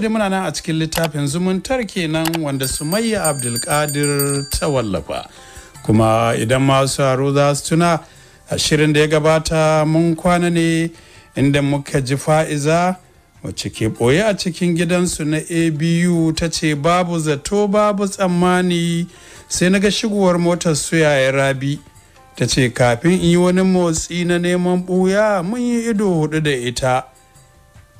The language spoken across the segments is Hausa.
dai muna nan a cikin littafin zumuntar kenan wanda Sumayya Abdulkadir ta wallafa. Kuma idan masu haro za su tuna ashirin da ya gabata mun kwana ne inda muka ji fa'iza wacce ke ɓoye a cikin gidansu na abu ta ce babu zato babu tsammani sai na ga shigowar motar suyayen rabi ta ce kafin in yi wani motsi na neman ɓuya mun yi ido hudu da ita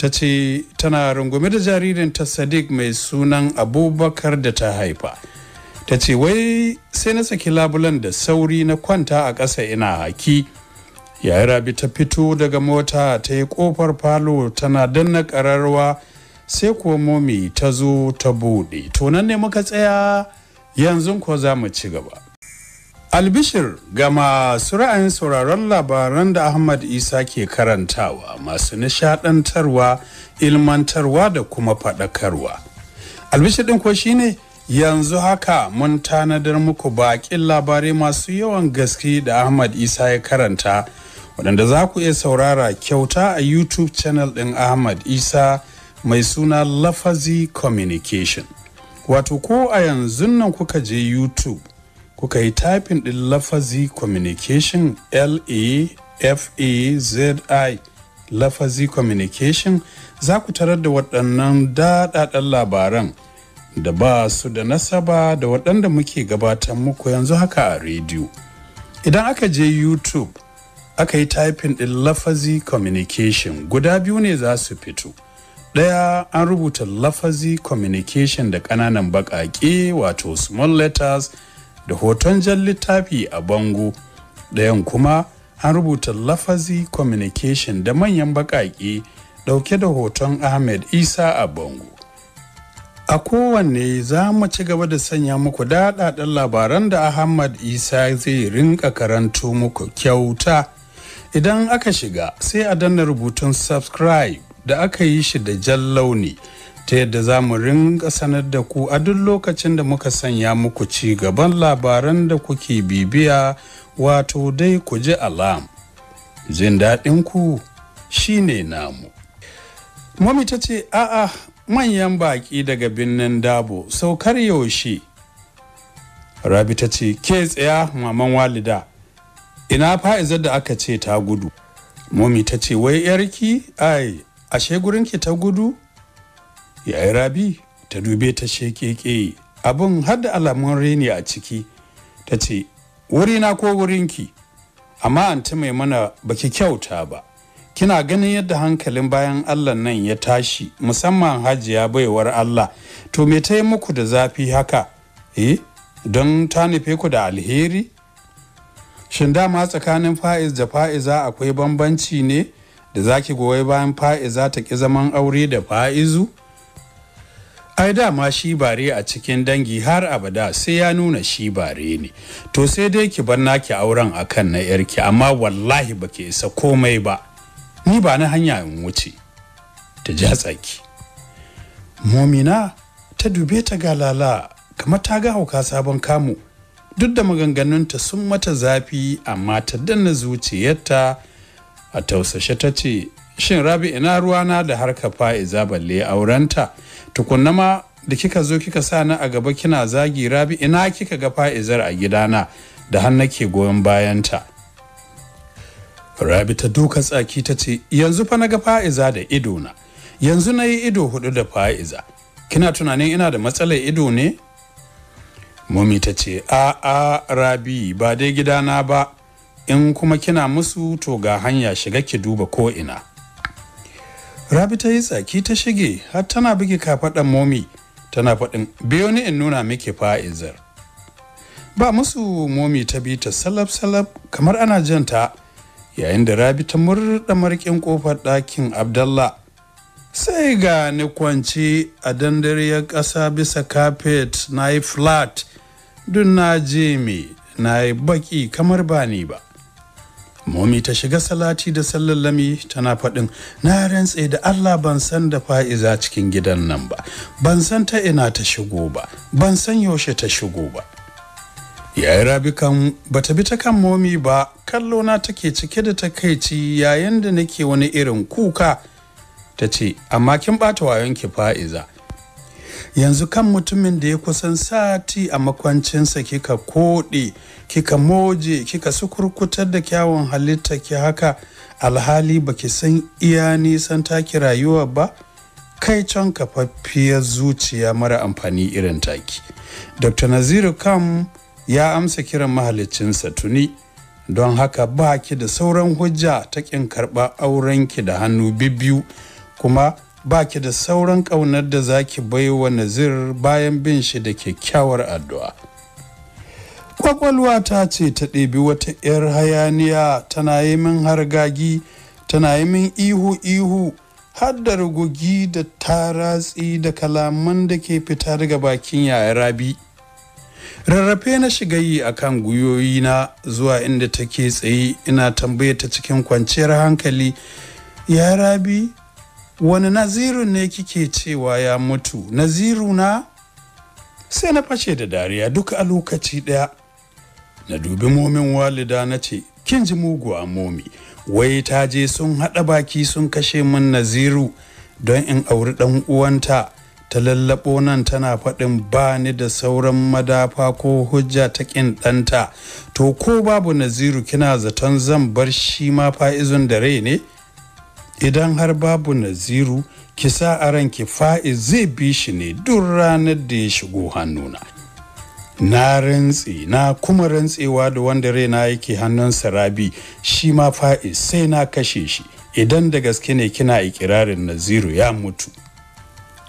ta ce tana rungume da jaririnta sadiq mai sunan abubakar da ta haifa ta ce wai sai na saki labulan da sauri na kwanta a ƙasa ina haki yayi rabi ta fito daga mota ta yi ƙofar falo tana danna ƙararwa sai kuwa momi ta zo ta buɗe to nan ne muka tsaya yanzu ko za mu ci gaba Albishir ga masu ra'ayin sauraron labaran da Ahmad Isa ke karantawa masu nishadantarwa, ilmantarwa da kuma faɗakarwa. Albishir ɗin ko shine yanzu haka mun tanadar muku baƙin labarai masu yawan gaske da Ahmad Isa ya karanta waɗanda za ku iya saurara kyauta a YouTube channel ɗin Ahmad Isa mai suna Lafazi Communication. Wato ko a yanzun nan kuka je YouTube kuka yi typing ɗin lafazi communication L-E-F-A-Z-I lafazi communication za ku tarar da waɗannan daɗaɗɗen labaran da ba su da nasaba da waɗanda muke gabatar muku yanzu haka a rediyo. Idan aka je YouTube aka yi typing ɗin lafazi communication guda biyu ne za su fito. Ɗaya an rubuta lafazi communication da ƙananan baƙaƙe wato small letters da hoton jan littafi a bango dayan kuma an rubuta lafazi communication da manyan baƙaƙe ɗauke da hoton ahmed isa a bango a kowanne za mu ci gaba da sanya muku daɗaɗɗen labaran da ahmad isa zai rinka karanto muku kyauta idan aka shiga sai a danna rubutun subscribe da aka yi shi da jan launi ta yadda za mu ringa sanar da ku a duk lokacin da muka sanya muku ci gaban labaran da kuke bibiya wato dai ku ji alam jin daɗin ku shine namu mami ta ce a'a manyan baƙi daga birnin dabo saukar yaushe rabi ta ce ke tsaya maman walida ina fa'iza da aka ce ta gudu mami ta ce wai yarki ai ashe gurinki ta gudu yayi rabi ta dube ta shekeke abin hada alamun reni a ciki ta ce wurina ko wurinki amma an ta mai mana baki kyauta ba kina ganin yadda hankalin bayan allah nan ya tashi musamman hajiya baiwar allah to me ta yi muku da zafi haka eh don ta nufe ku da alheri shin dama tsakanin fa'iz da fa'iza akwai bambanci ne da zaki goyi bayan fa'iza ta ki zaman aure da fa'izu ai dama shi bare a cikin dangi har abada sai ya nuna shi bare ne to sai dai ki bar naki auren akan na yarki amma wallahi baki isa komai ba ni ba na hanya in wuce ta ja tsaki momina ta dube ta galala kamar ta ga hauka sabon kamu duk da maganganunta sun mata zafi amma ta danna zuciyarta a tausashe ta ce shin rabi ina ruwana da harka fa'iza balle aurenta tukunna ma da kika zo kika sa ni a gaba kina zagi rabi ina kika ga fa'izar a gidana da har nake goyon bayanta rabi ta duka tsaki ta ce yanzu fa na ga fa'iza da ido na yanzu na yi ido hudu da fa'iza kina tunanin ina da matsalar ido ne mummy ta ce a a rabi ba dai gidana ba in kuma kina musu to ga hanya shiga ki duba ko ina rabi ta yi tsaki ta shige har tana buge kafaɗan momi tana faɗin biyo ni in nuna miki fa'izar ba musu momi ta bi ta salab-salab kamar ana janta yayin da rabi ta murɗa marƙin ƙofar ɗakin abdallah sai ga ni kwanci a dandariyar ƙasa bisa kafet na yi flat dun na je me na yi baƙi kamar ba ni ba momi ta shiga salati da sallallami tana faɗin na rantse da allah ban san da fa'iza cikin gidan nan ba ban san ta ina ta shigo ba ban san yaushe ta shigo ba yayi rabi kan bata bi ta kan momi ba kallo na take cike da takaici yayin da nake wani irin kuka ta ce amma kin ɓata wayonki fa'iza yanzu kan mutumin da ya kusan sati a makwancinsa kika koɗe kika moje kika sukurkutar da kyawun halitta ki haka alhali baki san iya nisan taki rayuwa ba kai can kafaffiyar zuciya mara amfani irin taki dr naziru kam ya amsa kiran mahalicinsa tuni don haka ba ki da sauran hujja ta kin karɓa aurenki da hannu bibbiyu kuma ba ki da sauran ƙaunar da za ki bai wa nazir bayan bin shi da kyakkyawar addu'a. Ƙwaƙwalwa ta ce ta ɗebi wata 'yar hayaniya tana yi min hargagi tana yi min ihu-ihu har da rugugi da taratsi da kalaman da ke fita daga bakin yaya rabi. rarrafe na shiga yi a kan gwiwoyina zuwa inda take tsaye ina tambaye ta cikin kwanciyar hankali ya rabi wani Naziru ne kike cewa ya mutu naziru na sai na fashe da dariya duk a lokaci ɗaya na dubi momin walida na ce kin ji muguwa momi wai ta je sun haɗa baki sun kashe min naziru don in auri ɗan uwanta ta lallaɓo nan tana faɗin ba ni da sauran madafa ko hujja ta ƙin ɗanta to ko babu naziru kina zaton zan bar shi ma fa'izun da rai ne idan har babu naziru kisa sa a ranki fa'i zai bi shi ne duk ranar da ya shigo hannuna na rantse na kuma rantsewa da wanda raina yake hannun sarabi shi ma fa'i sai na kashe shi idan da gaske ne kina ikirarin naziru ya mutu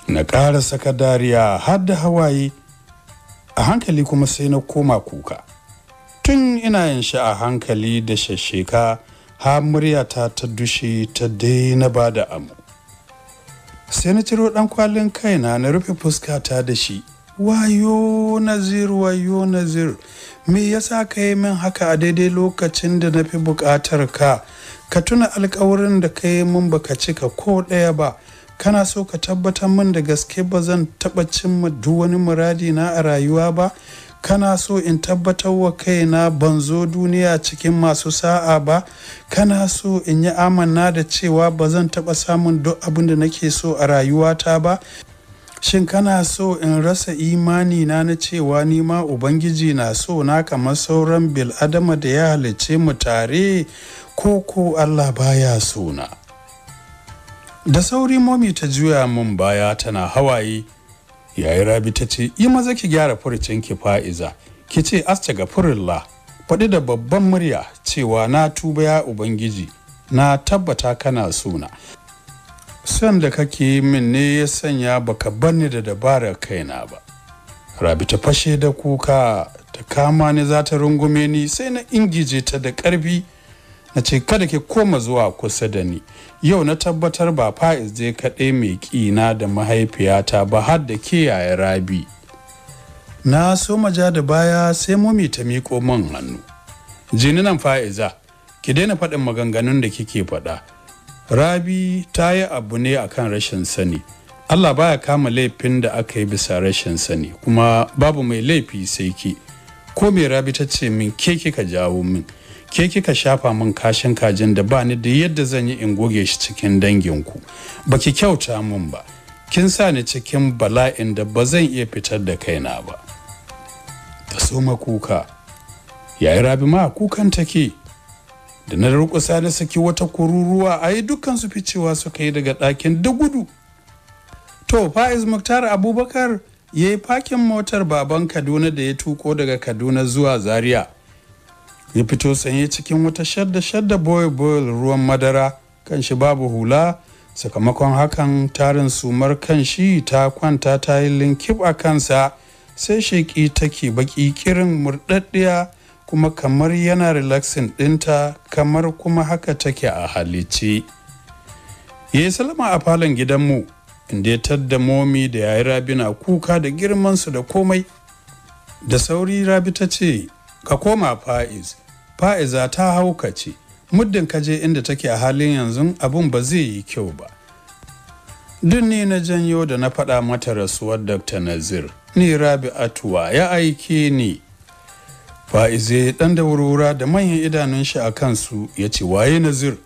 na ƙara saka dariya har da hawaye a hankali kuma sai na koma kuka tun ina yin shi a hankali da shasheka har muryata ta dushe ta daina ba da amu sai na ciro dan kwalin kaina na rufe fuskata da shi wayo nazir wayo nazir me yasa ka yi min haka a daidai lokacin da na fi bukatar ka ka tuna alkawarin da ka yi min baka cika ko ɗaya ba kana so ka tabbatar min da gaske ba zan taɓa cimma duk wani muradi na a rayuwa ba kana so in tabbatar wa kaina ban zo duniya cikin masu sa'a ba kana so in yi amanna da cewa ba zan taɓa samun duk abin da nake so a rayuwata ba shin kana so in rasa imani na na cewa nima ubangiji na so na kamar sauran bil'adama da ya halice mu tare ko ko allah baya so na da sauri momi ta juya mun baya tana hawaye yayi rabi ta ce yi maza ki gyara furucin ki fa'iza ki ce asta ga furilla faɗi da babban murya cewa na tuba ya ubangiji na tabbata kana suna Son da kake min ne ya sanya baka banni da dabarar kaina ba rabi ta fashe da kuka ta kama ni za ta rungume ni sai na ingije ta da ƙarfi na ce kada ki koma zuwa kusa da ni yau na tabbatar ba fa'iz je kaɗai mai ƙina da mahaifiyata ba har da ke yaya rabi na so maja da baya sai momi ta miƙo man hannu jini nan fa'iza ki daina faɗin maganganun da kike faɗa rabi ta yi abu ne akan rashin sani allah baya kama laifin da aka yi bisa rashin sani kuma babu mai laifi sai ki ko mai rabi ta ce min ke kika jawo min ke kika shafa min kashin kajin da ba ni da yadda zan yi in goge shi cikin danginku ba ki kyauta min ba kin sa ni cikin bala'in da ba zan iya fitar da kaina ba ta soma kuka yayi rabi ma kukan take da na rukusa na saki wata kururuwa a yi dukkan su ficewa suka yi daga ɗakin da gudu to fa'iz muktar abubakar ya yi fakin motar baban kaduna da ya tuko daga kaduna zuwa zaria ya fito sanye cikin wata shadda shadda boy boy ruwan madara kan shi babu hula sakamakon hakan tarin sumar kan shi ta kwanta ta yi linkib a kansa sai sheki take baki kirin murɗaɗɗiya kuma kamar yana relaxing ɗinta kamar kuma haka take a halice ya yi salama a falon gidanmu inda ya tadda momi da yayi rabi na kuka da girmansu da komai da sauri rabi ta ce ka koma fa'iz fa'iza ta haukace muddin ka je inda take a halin yanzu abun ba zai yi kyau ba duk ni na janyo da na faɗa mata rasuwar dr nazir ni rabi atuwa ya aike ni fa'ize ɗan da wurwura da manyan idanun shi a kansu ya ce waye nazir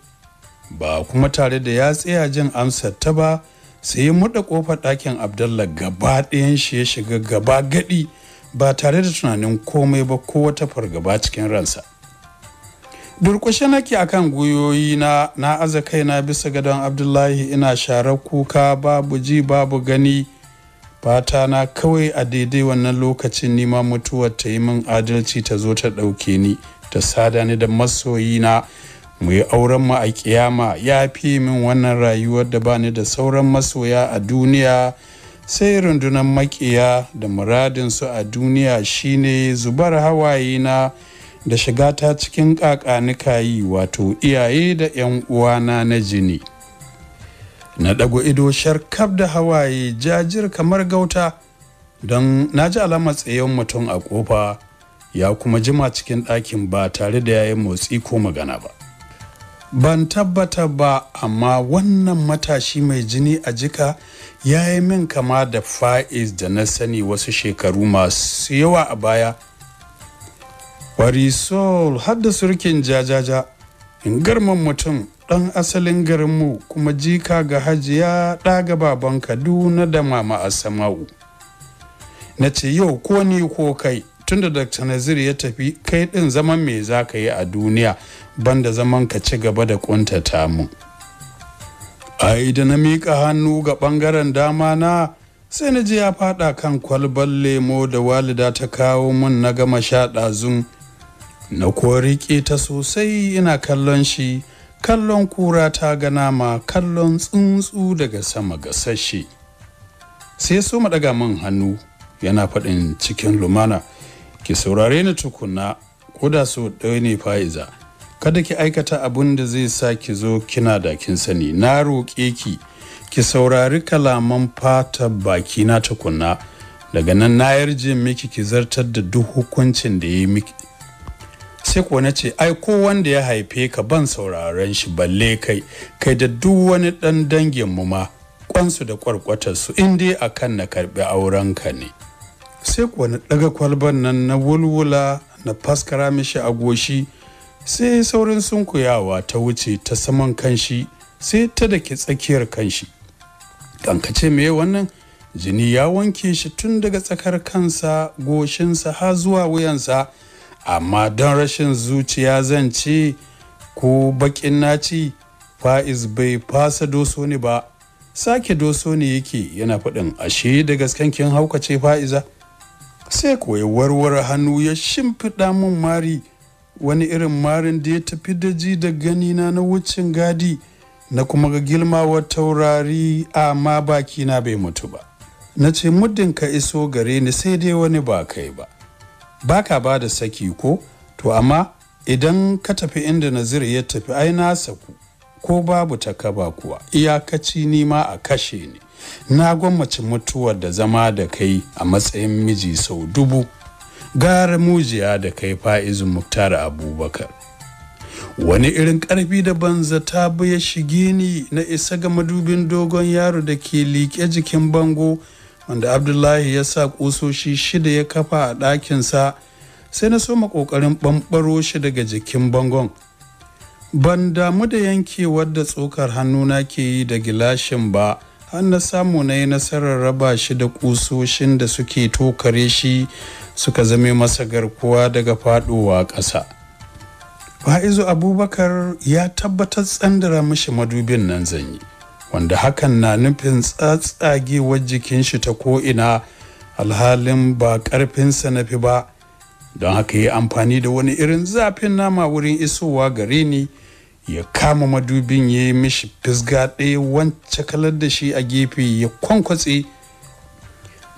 ba kuma tare da ya tsaya jin amsar ta ba sai ya muɗa ƙofar ɗakin abdallah gaba ɗayan shi ya shiga gaba gaɗi ba tare da tunanin komai ba ko wata fargaba cikin ransa durƙushe nake akan gwiwoyi na na aza kaina bisa gadon abdullahi ina sharar kuka babu ji babu gani fata na kawai a daidai wannan lokacin nima mutuwar ta yi min adalci ta zo ta ɗauke ni ta sada ni da masoyina mu yi auren mu a kiyama ya fi min wannan rayuwar da bani da sauran masoya a duniya sai rundunar makiya da muradinsu a duniya shine zubar hawaye na da shiga ta cikin ƙaƙanika yi wato iyaye da 'yan uwana na jini na ɗago ido sharkaf da hawaye jajir kamar gauta don na ji alamar tsayen mutum a ƙofa ya kuma jima cikin ɗakin ba tare da yayin motsi ko magana ba ban tabbata ba amma wannan matashi mai jini a jika ya yi min kama da fa'iz da na sani wasu shekaru masu yawa a baya warisol har da surkin jajaja in garman mutum ɗan asalin garinmu kuma jika ga hajiya ɗaga baban kaduna da mama asama'u na ce yau ko ni ko kai tun da dr nazir ya tafi kai din zaman me za ka yi a duniya banda zaman ka ci gaba da kuntata mu ai da na miƙa hannu ga ɓangaren dama na sai na ji ya faɗa kan kwalbar lemo da walida ta kawo mun na gama sha ɗazun na kori riƙe ta sosai ina kallon shi kallon kura ta ga nama kallon tsuntsu daga sama gasashe sai su ɗaga min hannu yana faɗin cikin lumana ki saurare ni tukunna ko da so ɗaya ne fa'iza kada ki aikata abun da zai sa ki zo kina da kin sani na roƙe ki ki saurari kalaman fata baki na tukunna daga nan na yarje miki ki zartar da duk hukuncin da ya yi miki sai kuwa na ce ai ko wanda ya haife ka ban sauraren shi balle kai kai da duk wani ɗan dangin mu ma kwansu da su, in dai akan na karɓi aurenka ne sai kuwa na ɗaga kwalban nan na wulwula na faskara mishi a goshi sai saurin sunkuyawa ta wuce ta saman kanshi sai ta dake tsakiyar kanshi kankace me wannan jini ya wanke shi tun daga tsakar kansa goshinsa har zuwa wuyansa amma don rashin zuciya zan ce ko bakin naci fa'iz bai fasa doso ne ba sake doso ne yake yana faɗin ashe da gasken kin haukace fa'iza sai kuwa ya warware hannu ya shimfiɗa mun mari wani irin marin da ya tafi da ji da ganina na wucin gadi na kuma ga girmawar taurari amma na bai mutu ba na ce muddin ka iso gare ni sai dai wani ba kai ba Ba ka ba da saki ko to amma idan ka tafi inda nazir ya tafi ai na saku ko babu takaba kuwa iyakaci nima a kashe ni na gwammace mutuwar da zama da kai a matsayin miji sau dubu gara mujiya da kai Fa'izu muktar abubakar wani irin ƙarfi da banza ta ya shige ni na isa ga madubin dogon yaro da ke liƙe jikin bango wanda abdullahi ya sa ƙusoshi shida ya kafa a ɗakinsa sai na soma ƙoƙarin ɓamɓaro shi daga jikin bangon ban damu da yankewar da tsokar hannuna ke yi da gilashin ba har na samu na yi nasarar raba shi da kusoshin da suke tokare shi suka zame masa garkuwa daga faɗowa ƙasa fa'izu abubakar ya tabbatar tsandara mashi madubin nan zanyi wanda hakan na nufin tsatsagewar jikin shi ta ko'ina alhalin ba ƙarfinsa na ba don haka yi amfani da wani irin zafin nama wurin isowa gare ni ya kama madubin ya yi mishi fisga ɗaya wance kalar da shi a gefe ya kwankwatse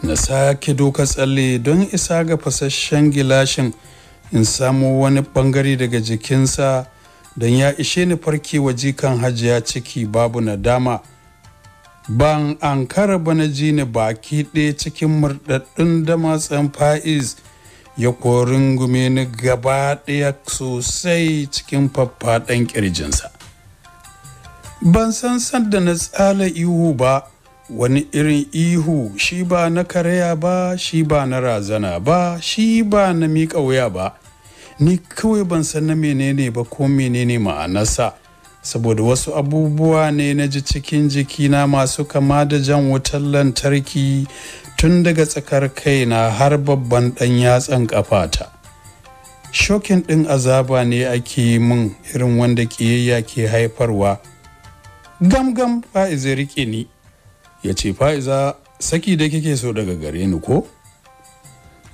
na sake doka tsalle don isa ga fasashen gilashin in samo wani ɓangare daga jikinsa don ya ishe ni farke waje kan hajiya ciki babu nadama ban an kara na ji ni baki ɗaya cikin murɗaɗɗun damatsan fa'iz ya koringume ni gaba ɗaya sosai cikin faffaɗan ƙirjinsa ban san sanda na tsala ihu ba wani irin ihu shi ba na karaya ba shi ba na razana ba shi ba na miƙa wuya ba ni kawai ban san na menene ba ko menene ma'anarsa saboda wasu abubuwa ne na ji cikin jikina masu kama da jan wutar lantarki tun daga tsakar kai na har babban ɗan yatsan ƙafata. Shokin ɗin azaba ne ake yi min irin wanda ƙiyayya ke haifarwa. Gam gam fa'iza riƙe ni, ya ce fa'iza saki da kike so daga gare ni ko?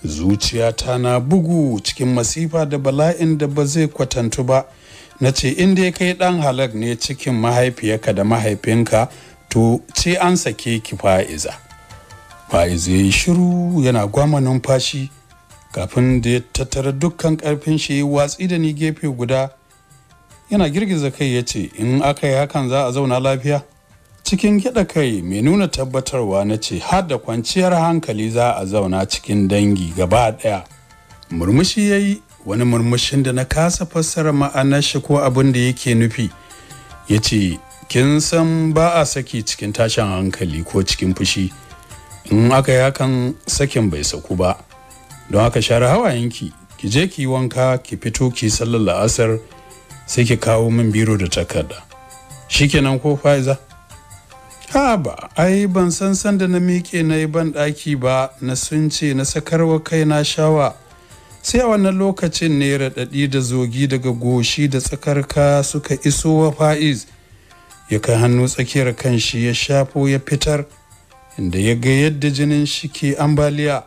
Zuciyata na bugu cikin masifa da bala'in da ba zai kwatantu ba. na ce in dai kai dan halak ne cikin mahaifiyarka da mahaifinka to ce an sake ki fa'iza fa'iza ya yi shiru yana gwama numfashi kafin da ya tattara dukkan karfin shi watsi da ni gefe guda yana girgiza kai ya ce in aka yi hakan za a zauna lafiya cikin kiɗa kai mai nuna tabbatarwa na ce har da kwanciyar hankali za a zauna cikin dangi gaba ɗaya murmushi ya yi wani murmushin da na kasa fassara ma'anar shi ko abin da yake nufi ya ce kin san ba a saki cikin tashin hankali ko cikin fushi in aka yi hakan sakin bai saku ba don aka share hawayenki ki je ki wanka ki fito ki sallar la'asar sai ki kawo min biro da takarda Shi shikenan ko faiza ha ba ai ban san san da na miƙe na yi ban ɗaki ba na sun ce na sakarwa kai na shawa sai a wannan lokacin ne raɗaɗi da zogi daga goshi da tsakar ka suka iso wa fa'iz ya kai hannu tsakiyar kanshi ya shafo ya fitar inda ya ga yadda jinin shi ke ambaliya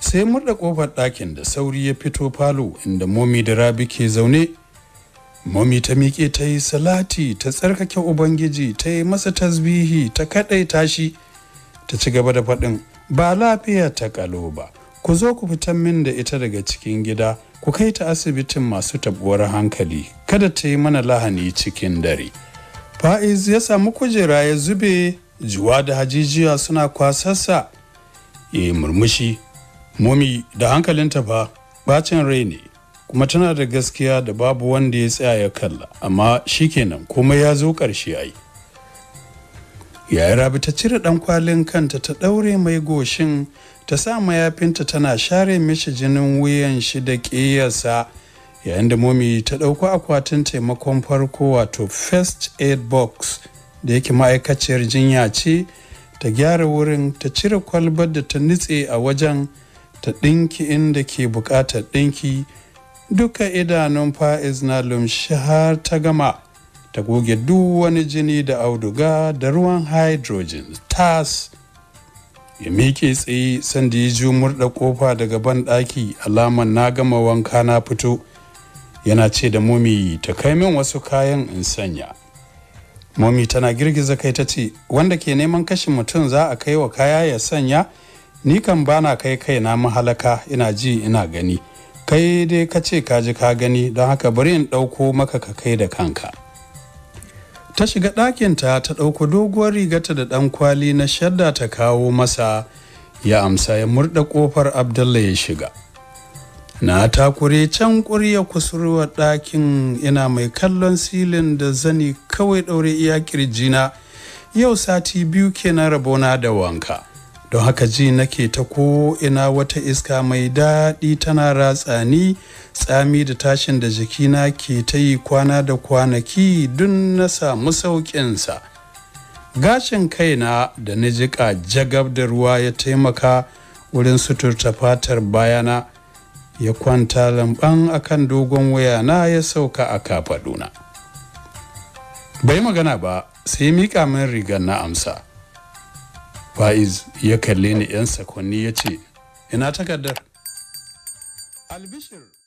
sai murda ƙofar ɗakin da sauri ya fito falo inda momi da rabi ke zaune momi ta miƙe ta yi salati ta tsarkake ubangiji ta yi masa tasbihi ta kaɗai tashi ta ci gaba da faɗin ba lafiya ta ƙalo ba ku zo ku fitan min da ita daga cikin gida ku kai ta asibitin masu tabuwar hankali kada ta yi mana lahani cikin dare fa'iz ya samu kujera ya zube juwa da hajijiya suna kwasarsa e murmushi momi da hankalinta fa bacin rai ne kuma tana da gaskiya da babu wanda ya tsaya ya kalla amma kenan kuma ya zo ƙarshe ai yayi rabi ta cire ɗankwalin kanta ta ɗaure mai goshin ta sa mayafinta tana share mishi jinin wuyan shi da ƙiyarsa yayin da momi ta ɗauko akwatin taimakon farko wato first aid box da yake ma'aikaciyar jinya ce ta gyara wurin ta cire kwalbar da ta nitse a wajen ta ɗinki inda ke buƙatar ɗinki duka idanun fa'iz na lumshi har ta gama ta goge duk wani jini da auduga da ruwan hydrogen tas ya miƙe tsaye sanda ya ji murɗa ƙofa daga ban ɗaki alaman na gama wanka na fito yana ce da momi ta kai min wasu kayan in sanya momi tana girgiza kai ta ce wanda ke neman kashin mutum za a kai wa kaya ya sanya ni kan bana kai kaina mahalaka ina ji ina gani kai dai ka ce ka ji ka gani don haka bari in ɗauko maka ka kai da kanka ta shiga ɗakinta ta ɗauko doguwar rigata da ɗan kwali na shadda ta kawo masa ya amsa ya murda ƙofar Abdullahi ya shiga na takure can ƙurya kusurwa ɗakin ina mai kallon silin da zani kawai ɗaure iya kirjina yau sati biyu kenan rabona da wanka don haka ji nake ta ko ina wata iska mai daɗi tana ratsa ni tsami da tashin da jikina ke ta yi kwana da kwanaki dun na samu sauƙinsa gashin kaina da na jiƙa jagab da ruwa ya taimaka wurin suturta fatar bayana ya kwanta lamban a kan dogon wayana ya sauka a kafaɗuna bai magana ba sai miƙa min rigar na amsa fa'iz ya kalle ni 'yan sakonni ya ce ina takardar albishir